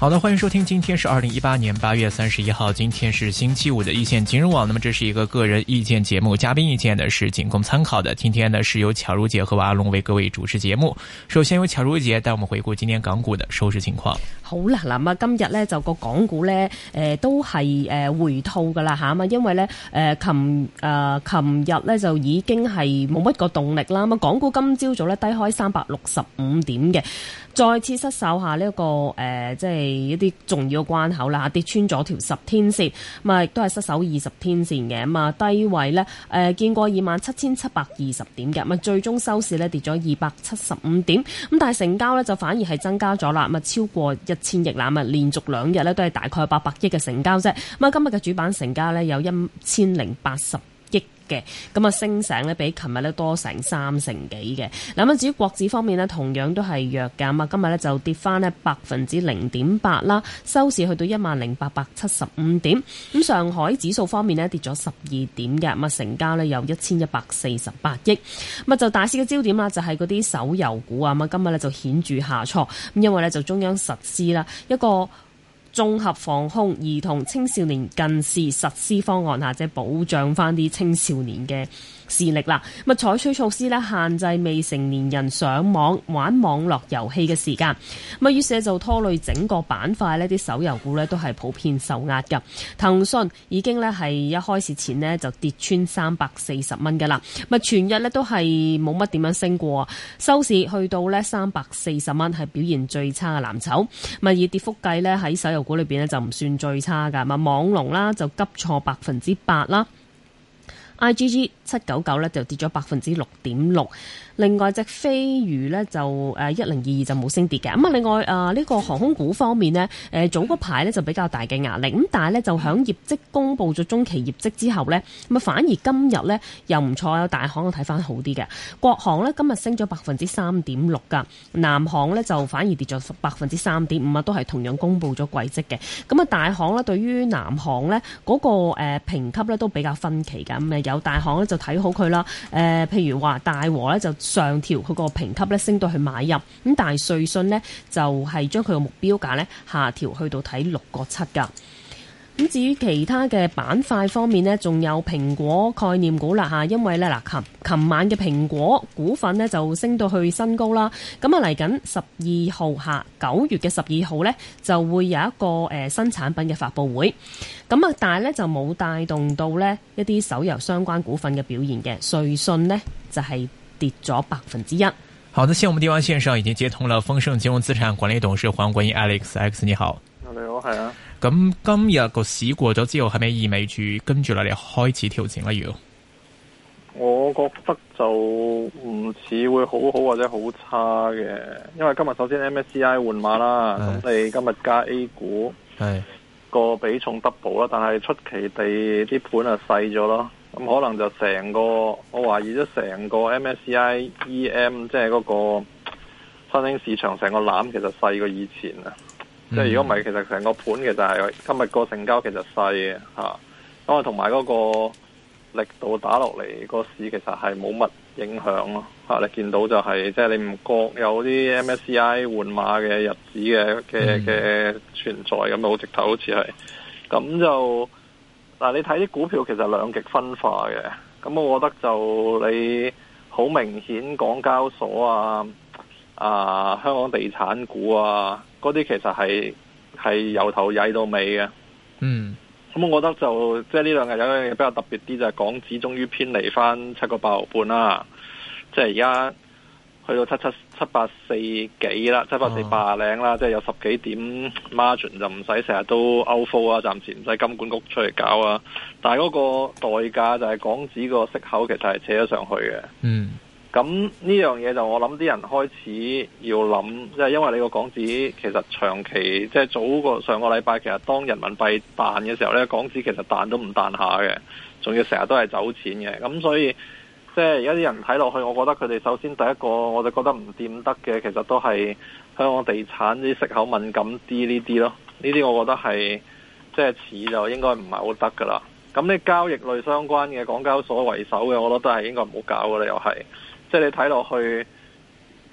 好的，歡迎收聽，今天是二零一八年八月三十一號，今天是星期五的一線金融網。那麼這是一個個人意見節目，嘉賓意見呢是僅供參考的。今天呢是由巧如姐和阿龍為各位主持節目。首先由巧如姐帶我們回顧今天港股的收市情況。好啦，嗱，咁今日呢，就個港股呢，誒、呃、都係誒回吐噶啦吓，咁、啊、因為呢，誒、呃、琴誒琴、呃、日呢，就已經係冇乜個動力啦。咁啊港股今朝早呢，低開三百六十五點嘅，再次失守下呢、這、一個誒、呃、即係。一啲重要關口啦，跌穿咗條十天線，咁啊亦都係失守二十天線嘅，啊低位呢誒、呃、見過二萬七千七百二十點嘅，咪最終收市呢跌咗二百七十五點，咁但係成交呢，就反而係增加咗啦，咪超過一千億啦，咪連續兩日呢都係大概八百億嘅成交啫，咁啊今日嘅主板成交呢，有一千零八十。嘅咁啊，升成咧比琴日咧多成三成幾嘅。嗱啊，至於國指方面咧，同樣都係弱㗎。咁啊，今日咧就跌翻咧百分之零點八啦，收市去到一萬零八百七十五點。咁上海指數方面咧，跌咗十二點嘅，咁啊成交咧有一千一百四十八億。咁啊就大市嘅焦點啦，就係嗰啲手遊股啊，咁啊，今日咧就顯著下挫。咁因為呢，就中央實施啦一個。綜合防控兒童青少年近視實施方案，或者保障翻啲青少年嘅。視力啦，咁啊採取措施咧，限制未成年人上網玩網絡遊戲嘅時間。咁啊，於是就拖累整個板塊，呢啲手遊股咧都係普遍受壓噶。騰訊已經咧係一開始前咧就跌穿三百四十蚊噶啦，咪全日咧都係冇乜點樣升過，收市去到咧三百四十蚊係表現最差嘅藍籌。咪以跌幅計咧喺手遊股裏邊咧就唔算最差噶，咪網龍啦就急挫百分之八啦。I.G.G. 七九九咧就跌咗百分之六點六。另外隻飛魚呢，就誒一零二二就冇升跌嘅，咁啊另外啊呢、呃這個航空股方面呢，誒、呃、早嗰排呢就比較大嘅壓力，咁但係呢，就響業績公佈咗中期業績之後呢，咁啊反而今日呢，又唔錯，有大行睇翻好啲嘅。國航呢，今日升咗百分之三點六㗎，南航呢，就反而跌咗百分之三點五啊，都係同樣公佈咗季績嘅。咁啊大行呢，對於南航呢，嗰、那個誒、呃、評級呢都比較分歧㗎，咁啊有大行呢，就睇好佢啦，誒、呃、譬如話大和呢，就。上調佢個評級咧，升到去買入咁，但係瑞信呢就係將佢個目標價呢下調去到睇六個七噶。咁至於其他嘅板塊方面呢，仲有蘋果概念股啦嚇，因為呢，嗱，琴琴晚嘅蘋果股份呢就升到去新高啦。咁啊嚟緊十二號嚇，九月嘅十二號呢就會有一個誒新產品嘅發布會。咁啊，但係呢就冇帶動到呢一啲手遊相關股份嘅表現嘅。瑞信呢就係跌咗百分之一。好的，現我們電話線上已經接通了豐盛金融資產管理董事黃國英 Alex，Alex 你好。你好，係啊。咁今日個市過咗之後，係咪意味住跟住落嚟開始調整啦？要？我覺得就唔似會好好或者好差嘅，因為今日首先 MSCI 換馬啦，咁、哎、你今日加 A 股，係、哎、個比重 double 啦，但係出奇地啲盤啊細咗咯。咁可能就成個，我懷疑咗成個 MSCIEM 即係嗰個新興市場成個籃其實細過以前啦。嗯、即係如果唔係，其實成個盤其實係、是、今日個成交其實細啊。咁啊，同埋嗰個力度打落嚟，個市其實係冇乜影響咯。吓、啊，你見到就係、是、即係你唔覺有啲 MSCI 換馬嘅日子嘅嘅嘅存在，咁好直頭，好似係咁就。嗱，你睇啲股票其實兩極分化嘅，咁我覺得就你好明顯港交所啊、啊香港地產股啊，嗰啲其實係係由頭曳到尾嘅。嗯，咁我覺得就即係呢兩日有樣嘢比較特別啲，就係、是、港紙終於偏離翻七個八毫半啦，即係而家。去到七七七八四幾啦，七八四八零啦，哦、即係有十幾點 margin 就唔使成日都 outflow 啊，暫時唔使金管局出嚟搞啊。但係嗰個代價就係港紙個息口其實係扯咗上去嘅。嗯，咁呢樣嘢就我諗啲人開始要諗，即係因為你個港紙其實長期即係早個上個禮拜，其實當人民幣彈嘅時候咧，港紙其實彈都唔彈下嘅，仲要成日都係走錢嘅，咁所以。即係而家啲人睇落去，我覺得佢哋首先第一個我就覺得唔掂得嘅，其實都係香港地產啲息口敏感啲呢啲咯，呢啲我覺得係即係似就應該唔係好得噶啦。咁啲交易類相關嘅，港交所為首嘅，我覺得都係應該唔好搞噶啦，又係即係你睇落去，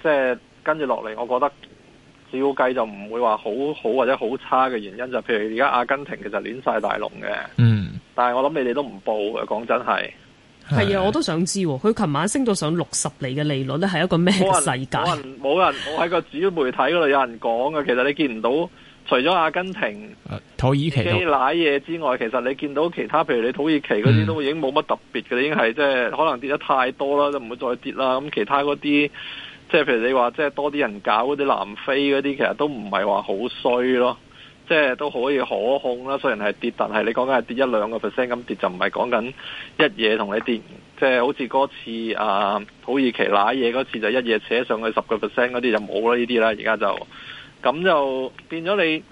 即係跟住落嚟，我覺得照計就唔會話好好或者好差嘅原因就係，譬如而家阿根廷其實亂晒大龍嘅，嗯，但係我諗你哋都唔報嘅，講真係。係啊，我都想知。佢琴晚升到上六十厘嘅利率咧，係一個咩世界？冇人冇人，我喺個主流媒體嗰度有人講嘅。其實你見唔到，除咗阿根廷、土耳其拉嘢之外，其實你見到其他，譬如你土耳其嗰啲都已經冇乜特別嘅，已經係即係可能跌得太多啦，就唔會再跌啦。咁其他嗰啲，即係譬如你話即係多啲人搞嗰啲南非嗰啲，其實都唔係話好衰咯。即係都可以可控啦，雖然係跌，但係你講緊係跌一兩個 percent 咁跌，就唔係講緊一夜同你跌。即係好似嗰次啊，土耳其拉嘢嗰次就一夜扯上去十個 percent 嗰啲就冇啦，呢啲啦，而家就咁就變咗你。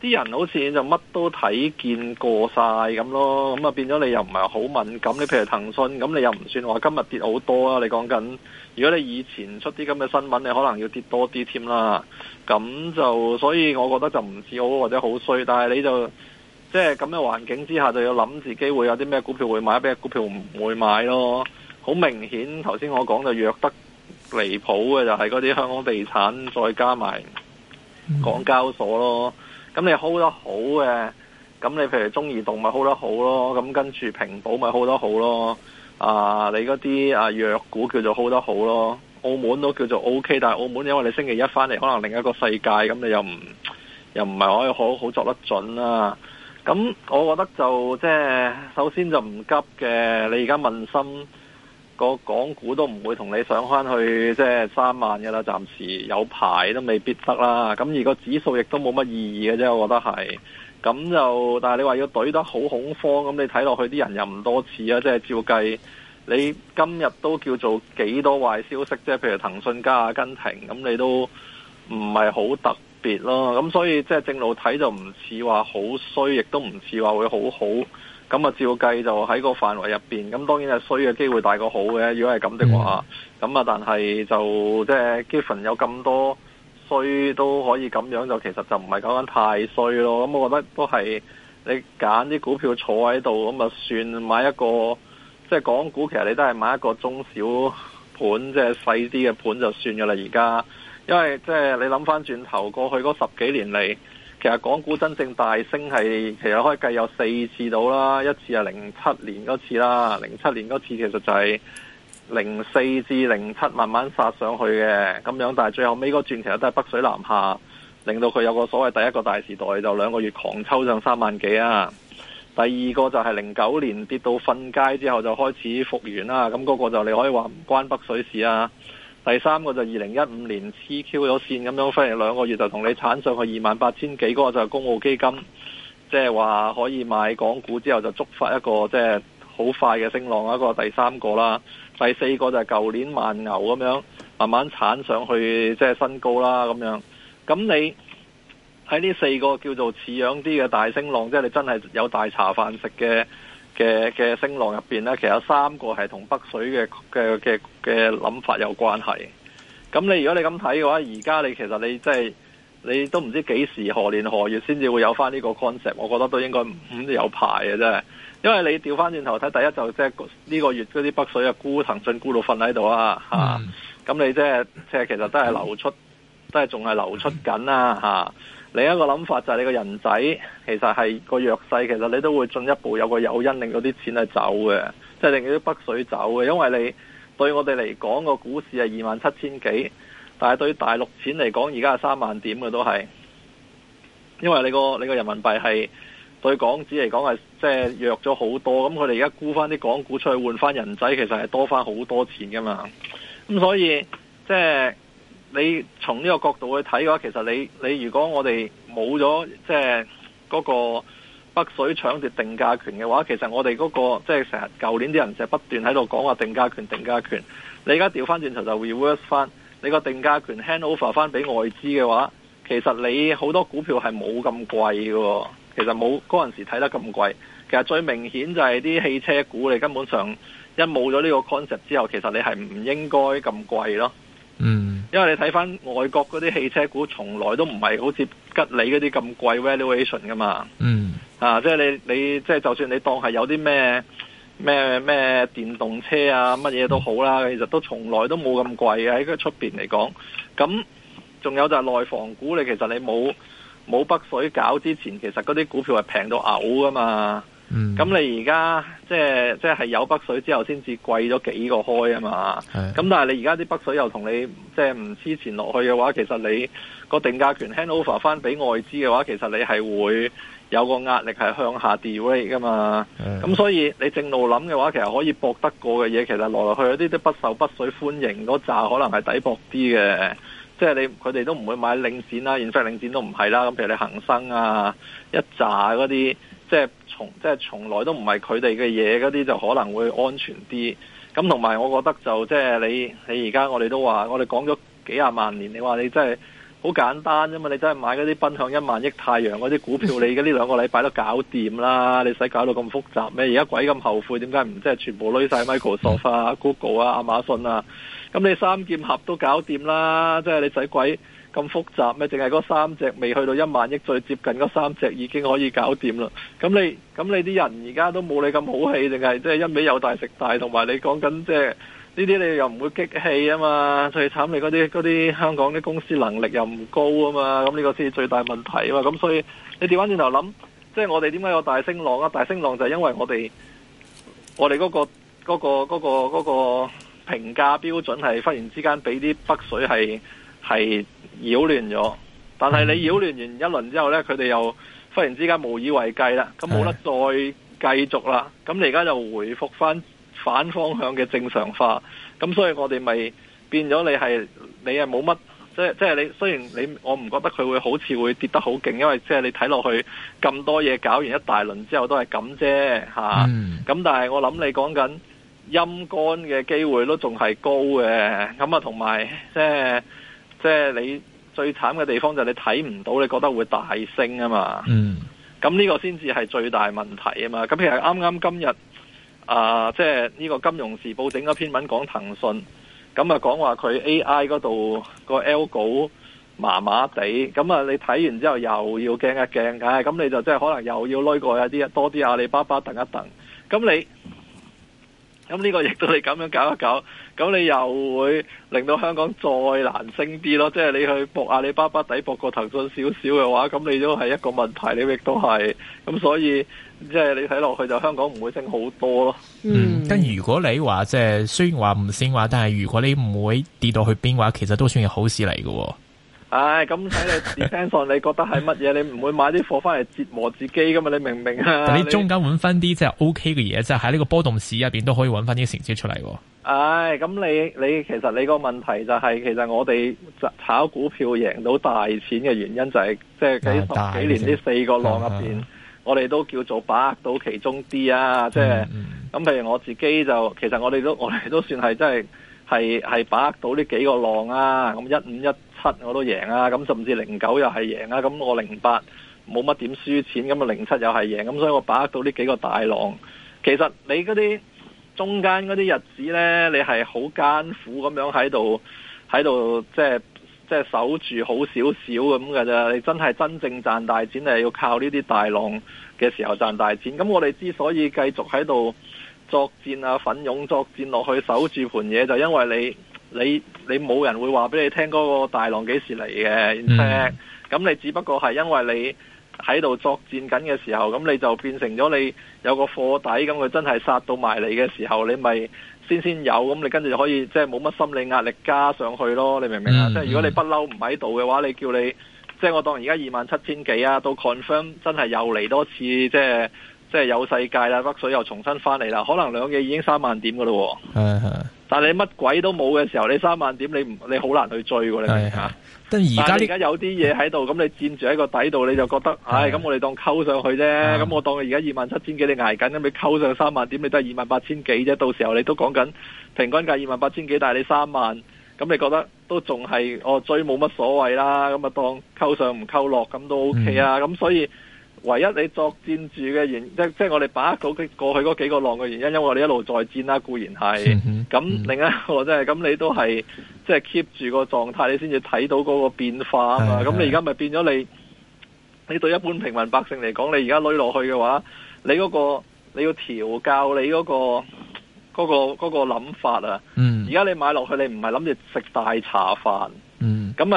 啲人好似就乜都睇見過晒咁咯，咁啊變咗你又唔係好敏感。你譬如騰訊，咁你又唔算話今日跌好多啦。你講緊，如果你以前出啲咁嘅新聞，你可能要跌多啲添啦。咁就所以我覺得就唔似好或者好衰，但係你就即係咁嘅環境之下，就要諗自己會有啲咩股票會買，咩股票唔會買咯。好明顯，頭先我講就弱得離譜嘅，就係嗰啲香港地產，再加埋港交所咯。嗯咁你 hold 得好嘅，咁你譬如中移動咪 hold 得好咯，咁跟住平保咪 hold 得好咯，啊，你嗰啲啊藥股叫做 hold 得好咯，澳門都叫做 OK，但係澳門因為你星期一翻嚟可能另一個世界，咁你又唔又唔係可以好好作得準啦、啊。咁我覺得就即係首先就唔急嘅，你而家問心。個港股都唔會同你上返去即係三萬嘅啦，暫時有排都未必得啦。咁而個指數亦都冇乜意義嘅啫，我覺得係。咁就但係你話要懟得好恐慌，咁你睇落去啲人又唔多似啊。即係照計，你今日都叫做幾多壞消息？即係譬如騰訊加阿根廷，咁你都唔係好特別咯。咁所以即係正路睇就唔似話好衰，亦都唔似話會好好。咁啊，照計就喺個範圍入邊，咁當然係衰嘅機會大過好嘅。如果係咁的話，咁啊、嗯，但係就即係基份有咁多衰都可以咁樣，就其實就唔係講緊太衰咯。咁我覺得都係你揀啲股票坐喺度，咁啊算買一個，即係港股其實你都係買一個中小盤，即係細啲嘅盤就算嘅啦。而家因為即係你諗返轉頭，過去嗰十幾年嚟。其實港股真正大升係，其實可以計有四次到啦，一次係零七年嗰次啦，零七年嗰次其實就係零四至零七慢慢殺上去嘅，咁樣，但係最後尾嗰轉其實都係北水南下，令到佢有個所謂第一個大時代，就兩個月狂抽上三萬幾啊，第二個就係零九年跌到瞓街之後就開始復原啦啊，咁嗰個就你可以話唔關北水事啊。第三個就二零一五年黐 Q 咗線咁樣，忽然兩個月就同你產上去二萬八千幾，嗰個就公募基金，即係話可以買港股，之後就觸發一個即係好快嘅升浪，一個第三個啦。第四個就係舊年慢牛咁樣，慢慢產上去即係新高啦咁樣。咁你喺呢四個叫做似樣啲嘅大升浪，即係你真係有大茶飯食嘅。嘅嘅聲浪入邊咧，其實有三個係同北水嘅嘅嘅嘅諗法有關係。咁你如果你咁睇嘅話，而家你其實你即係你都唔知幾時何年何月先至會有翻呢個 concept，我覺得都應該唔有排嘅啫。因為你調翻轉頭睇，第一就即係呢個月嗰啲北水沽騰訊沽、mm. 啊，沽騰訊沽到瞓喺度啊嚇。咁你即係即係其實都係流出，都係仲係流出緊啦嚇。啊另一個諗法就係你個人仔，其實係個弱勢，其實你都會進一步有個誘因令到啲錢係走嘅，即係令到啲北水走嘅。因為你對我哋嚟講個股市係二萬七千幾，但係對大陸錢嚟講而家係三萬點嘅都係，因為你個你個人民幣係對港紙嚟講係即係弱咗好多。咁佢哋而家沽翻啲港股出去換翻人仔，其實係多翻好多錢噶嘛。咁所以即係。你從呢個角度去睇嘅話，其實你你如果我哋冇咗即係嗰個北水搶奪定價權嘅話，其實我哋嗰個即係成日舊年啲人就不斷喺度講話定價權定價權。你而家調翻轉頭就會 reverse 翻，你個定價權 hand over 翻俾外資嘅話，其實你好多股票係冇咁貴嘅。其實冇嗰陣時睇得咁貴。其實最明顯就係啲汽車股，你根本上一冇咗呢個 concept 之後，其實你係唔應該咁貴咯。嗯，因為你睇翻外國嗰啲汽車股，從來都唔係好似吉利嗰啲咁貴 valuation 噶嘛。嗯，啊，即係你你即係就算你當係有啲咩咩咩電動車啊乜嘢都好啦，其實都從來都冇咁貴嘅喺個出邊嚟講。咁仲有就係內房股，你其實你冇冇北水搞之前，其實嗰啲股票係平到嘔噶嘛。咁、嗯、你而家即係即係有北水之後先至貴咗幾個開啊嘛，咁、嗯、但係你而家啲北水又同你即係唔黐前落去嘅話，其實你個定價權 handover 翻俾外資嘅話，其實你係會有個壓力係向下 de-rate 噶嘛。咁、嗯、所以你正路諗嘅話，其實可以搏得過嘅嘢，其實落落去去啲都不受北水歡迎嗰扎，可能係抵搏啲嘅。即係你佢哋都唔會買領展啦，現時領展都唔係啦。咁譬如你恒生啊，一扎嗰啲。即係從即係從來都唔係佢哋嘅嘢嗰啲就可能會安全啲。咁同埋我覺得就即係你你而家我哋都話，我哋講咗幾廿萬年，你話你真係好簡單啫嘛！你真係買嗰啲奔向一萬億太陽嗰啲股票，你而家呢兩個禮拜都搞掂啦，你使搞到咁複雜咩？而家鬼咁後悔，點解唔即係全部攞曬 Microsoft 啊、Google 啊、Amazon 啊？咁你三劍俠都搞掂啦，即係你使鬼？咁複雜咩？淨係嗰三隻未去到一萬億，最接近嗰三隻已經可以搞掂啦。咁你咁你啲人而家都冇你咁好氣，淨係即係一味有大食大，同埋你講緊即係呢啲你又唔會激氣啊嘛？最慘你嗰啲啲香港啲公司能力又唔高啊嘛？咁呢個先係最大問題啊嘛。咁所以你調翻轉頭諗，即係我哋點解有大升浪啊？大升浪就係因為我哋我哋嗰個嗰個嗰個嗰個評價標準係忽然之間俾啲北水係。係擾亂咗，但係你擾亂完一輪之後呢，佢哋又忽然之間無以為繼啦，咁冇得再繼續啦。咁的你而家就回復翻反方向嘅正常化，咁所以我哋咪變咗你係你係冇乜，即係即係你雖然你我唔覺得佢會好似會跌得好勁，因為即係你睇落去咁多嘢搞完一大輪之後都係咁啫吓。咁、啊嗯、但係我諗你講緊陰乾嘅機會都仲係高嘅，咁啊同埋即係。即係你最慘嘅地方就係你睇唔到，你覺得會大升啊嘛，咁呢、嗯、個先至係最大問題啊嘛。咁其實啱啱今日啊、呃、即係呢個《金融時報》整咗篇文講騰訊，咁、嗯、啊講話佢 A I 嗰度個 l 稿麻麻地，咁、嗯、啊你睇完之後又要驚一驚，唉、啊、咁、嗯、你就即係可能又要拉過一啲多啲阿里巴巴等一等，咁、嗯、你。咁呢個亦都係咁樣搞一搞，咁你又會令到香港再難升啲咯。即係你去博阿里巴巴底博個騰訊少少嘅話，咁你都係一個問題。你亦都係咁，所以即係你睇落去就香港唔會升好多咯。嗯，咁、嗯、如果你話即係雖然話唔升話，但係如果你唔會跌到去邊話，其實都算係好事嚟嘅。唉，咁睇、哎、你 depends on 你覺得係乜嘢，你唔會買啲貨翻嚟折磨自己噶嘛？你明唔明啊？你中間揾翻啲即係 OK 嘅嘢，即係喺呢個波動市入邊都可以揾翻啲成績出嚟。唉、哎，咁你你其實你個問題就係、是，其實我哋炒股票贏到大錢嘅原因就係、是、即係幾十幾年呢四個浪入邊，啊、我哋都叫做把握到其中啲啊。即係咁，嗯、譬如我自己就其實我哋都我哋都算係真係係係把握到呢幾個浪啊。咁一五一。七我都贏啊，咁甚至零九又係贏啊，咁我零八冇乜點輸錢，咁啊零七又係贏，咁所以我把握到呢幾個大浪。其實你嗰啲中間嗰啲日子呢，你係好艱苦咁樣喺度喺度，即係即係守住好少少咁噶啫你真係真正賺大錢，你係要靠呢啲大浪嘅時候賺大錢。咁我哋之所以繼續喺度作戰啊，奮勇作戰落去守住盤嘢，就因為你。你你冇人會話俾你聽嗰個大浪幾時嚟嘅，咁、嗯嗯、你只不過係因為你喺度作戰緊嘅時候，咁你就變成咗你有個貨底，咁佢真係殺到埋嚟嘅時候，你咪先先有，咁你跟住就可以即係冇乜心理壓力加上去咯，你明唔明啊？嗯嗯、即係如果你不嬲唔喺度嘅話，你叫你即係我當而家二萬七千幾啊，到 confirm 真係又嚟多次，即係即係有世界啦，北水又重新翻嚟啦，可能兩嘢已經三萬點噶咯，係但你乜鬼都冇嘅時候，你三萬點你唔你好難去追喎，你吓、啊。但係而家有啲嘢喺度，咁你佔住喺個底度，你就覺得，唉、哎，咁我哋當溝上去啫。咁、啊、我當你而家二萬七千幾你挨緊，咁你溝上三萬點，你都係二萬八千幾啫。到時候你都講緊平均價二萬八千幾，但係你三萬，咁你覺得都仲係我追冇乜所謂啦。咁啊當溝上唔溝落，咁都 OK 啊。咁、嗯、所以。唯一你作戰住嘅原因，即即係我哋把握嗰過去嗰幾個浪嘅原因，因為我哋一路在戰啦，固然係。咁、嗯嗯、另一個即係咁，你都係即係 keep 住個狀態，你先至睇到嗰個變化啊嘛。咁、嗯嗯、你而家咪變咗你？你對一般平民百姓嚟講，你而家攞落去嘅話，你嗰、那個你要調教你嗰、那個嗰、那個嗰、那個諗法啊。而家、嗯嗯、你買落去，你唔係諗住食大茶飯。咁啊、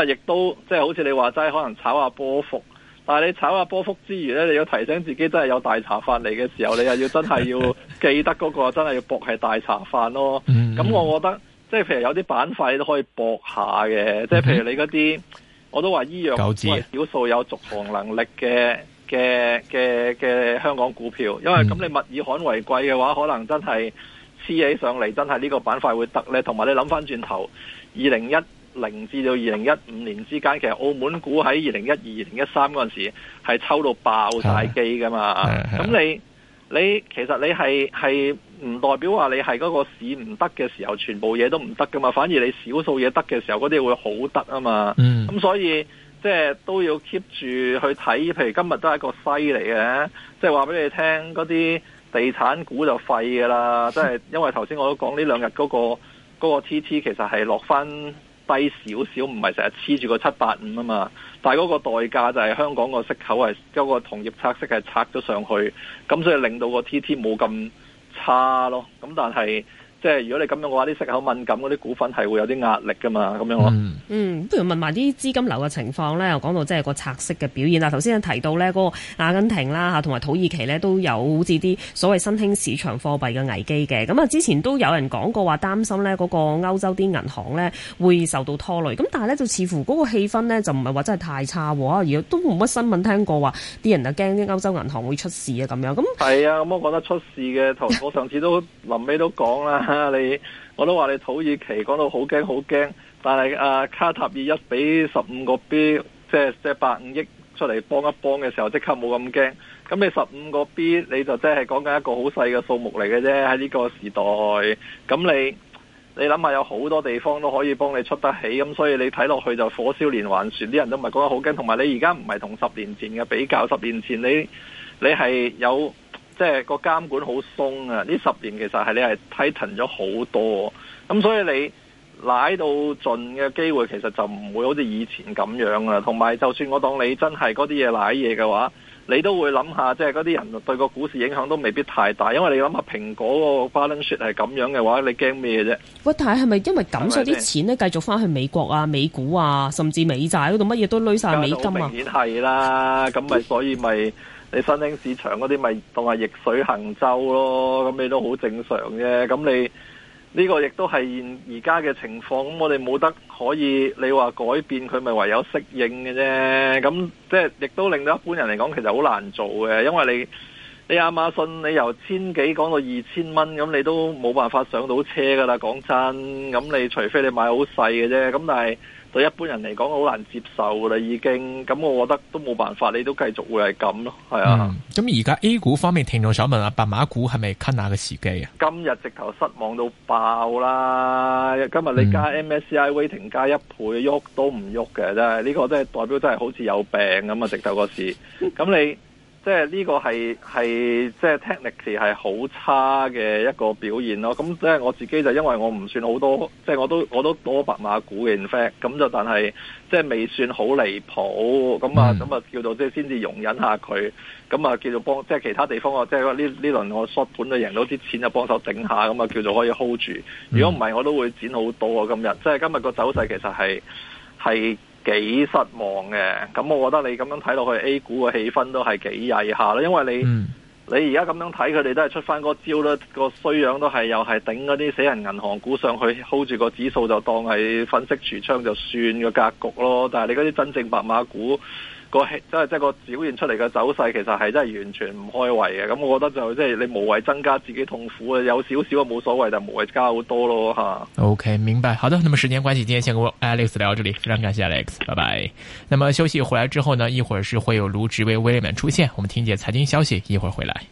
嗯，亦、嗯、都即係好似你話齋，可能炒下波幅。但係你炒下波幅之餘呢，你要提醒自己真係有大茶飯嚟嘅時候，你又要真係要記得嗰個真係要搏係大茶飯咯。咁、 嗯嗯、我覺得即係譬如有啲板塊都可以搏下嘅，即係譬如你嗰啲，嗯、我都話醫藥係少數有續航能力嘅嘅嘅嘅香港股票，因為咁你物以罕為貴嘅話，嗯、可能真係黐起上嚟真係呢個板塊會得，咧。同埋你諗翻轉頭，二零一。零至到二零一五年之間，其實澳門股喺二零一二、二零一三嗰陣時係抽到爆曬機噶嘛。咁你你其實你係係唔代表話你係嗰個市唔得嘅時候，全部嘢都唔得噶嘛。反而你少數嘢得嘅時候，嗰啲會好得啊嘛。咁、嗯、所以即係都要 keep 住去睇。譬如今日都係一個西嚟嘅，即係話俾你聽，嗰啲地產股就廢噶啦。即係 因為頭先我都講呢兩日嗰個、嗰個、T T 其實係落翻低少少，唔係成日黐住個七八五啊嘛，但係嗰個代價就係香港個息口係由、那個同業拆息係拆咗上去，咁所以令到個 TT 冇咁差咯，咁但係。即係如果你咁樣嘅話，啲息口敏感嗰啲股份係會有啲壓力噶嘛，咁樣咯。嗯、嗯，不如問埋啲資金流嘅情況咧，又講到即係個拆息嘅表現啦。頭先啊提到咧，嗰個阿根廷啦嚇，同埋土耳其咧都有好似啲所謂新興市場貨幣嘅危機嘅。咁、嗯、啊，之前都有人講過話擔心咧，嗰個歐洲啲銀行咧會受到拖累。咁但係咧，就似乎嗰個氣氛咧就唔係話真係太差喎。如果都冇乜新聞聽過話啲人啊驚啲歐洲銀行會出事啊咁樣。咁、嗯、係啊，嗯、我覺得出事嘅，我上次都臨尾都講啦。 啊！你我都話你土耳其講到好驚好驚，但係阿、啊、卡塔爾一比十五個 B，即係即係百五億出嚟幫一幫嘅時候，即刻冇咁驚。咁你十五個 B，你就即係講緊一個好細嘅數目嚟嘅啫。喺呢個時代，咁你你諗下，有好多地方都可以幫你出得起，咁所以你睇落去就火燒連環船，啲人都唔係講得好驚。同埋你而家唔係同十年前嘅比較，十年前你你係有。即係個監管好鬆啊！呢十年其實係你係 tighten 咗好多，咁、嗯、所以你奶到盡嘅機會其實就唔會好似以前咁樣啊。同埋，就算我當你真係嗰啲嘢、奶嘢嘅話，你都會諗下，即係嗰啲人對個股市影響都未必太大。因為你諗下蘋果個 balance sheet 係咁樣嘅話，你驚咩啫？喂，但係係咪因為抌晒啲錢呢，繼續翻去美國啊、美股啊，甚至美債嗰度乜嘢都攞晒美金啊？明顯係啦，咁咪所以咪。 你新興市場嗰啲咪當係逆水行舟咯，咁你都好正常啫。咁你呢個亦都係現而家嘅情況，咁我哋冇得可以，你話改變佢，咪唯有適應嘅啫。咁即係亦都令到一般人嚟講，其實好難做嘅，因為你你亞馬遜你由千幾講到二千蚊，咁你都冇辦法上到車噶啦。講真，咁你除非你買好細嘅啫，咁但係。對一般人嚟講好難接受啦，已經咁，我覺得都冇辦法，你都繼續會係咁咯，係啊。咁而家 A 股方面，聽眾想問啊，白馬股係咪吞下嘅時機啊？今日直頭失望到爆啦！今日你加 MSCI weighting 加一倍，喐都唔喐嘅，真係呢、呢個真係代表真係好似有病咁啊！直頭個市，咁你。 即係呢個係係即係、就是、technical 係好差嘅一個表現咯。咁即係我自己就因為我唔算好多，即、就、係、是、我都我都多白馬股嘅 in fact。咁就但係即係未算好離譜。咁啊咁啊，叫做即係先至容忍下佢。咁啊、嗯、叫做幫即係其他地方啊，即係呢呢輪我 short 盤就贏到啲錢，就幫手整下。咁啊叫做可以 hold 住。如果唔係，我都會剪好多啊。今日即係今日個走勢其實係係，幾失望嘅，咁我覺得你咁樣睇落去 A 股嘅氣氛都係幾曳下啦，因為你、嗯、你而家咁樣睇佢哋都係出翻嗰招啦，個衰樣都係又係頂嗰啲死人銀行股上去 hold 住個指數，就當係粉飾櫥窗就算嘅格局咯，但係你嗰啲真正白馬股。個即係即係個表現出嚟嘅走勢，其實係真係完全唔開胃嘅。咁我覺得就即係你無謂增加自己痛苦啊，有少少啊冇所謂，但係無謂加好多咯吓。OK，明白。好的，那麼時間關係，今天先跟我 Alex 聊到這裡，非常感謝 Alex，拜拜。那麼休息回來之後呢，一會兒是會有盧志威威廉出現，我們聽見財經消息，一會兒回來。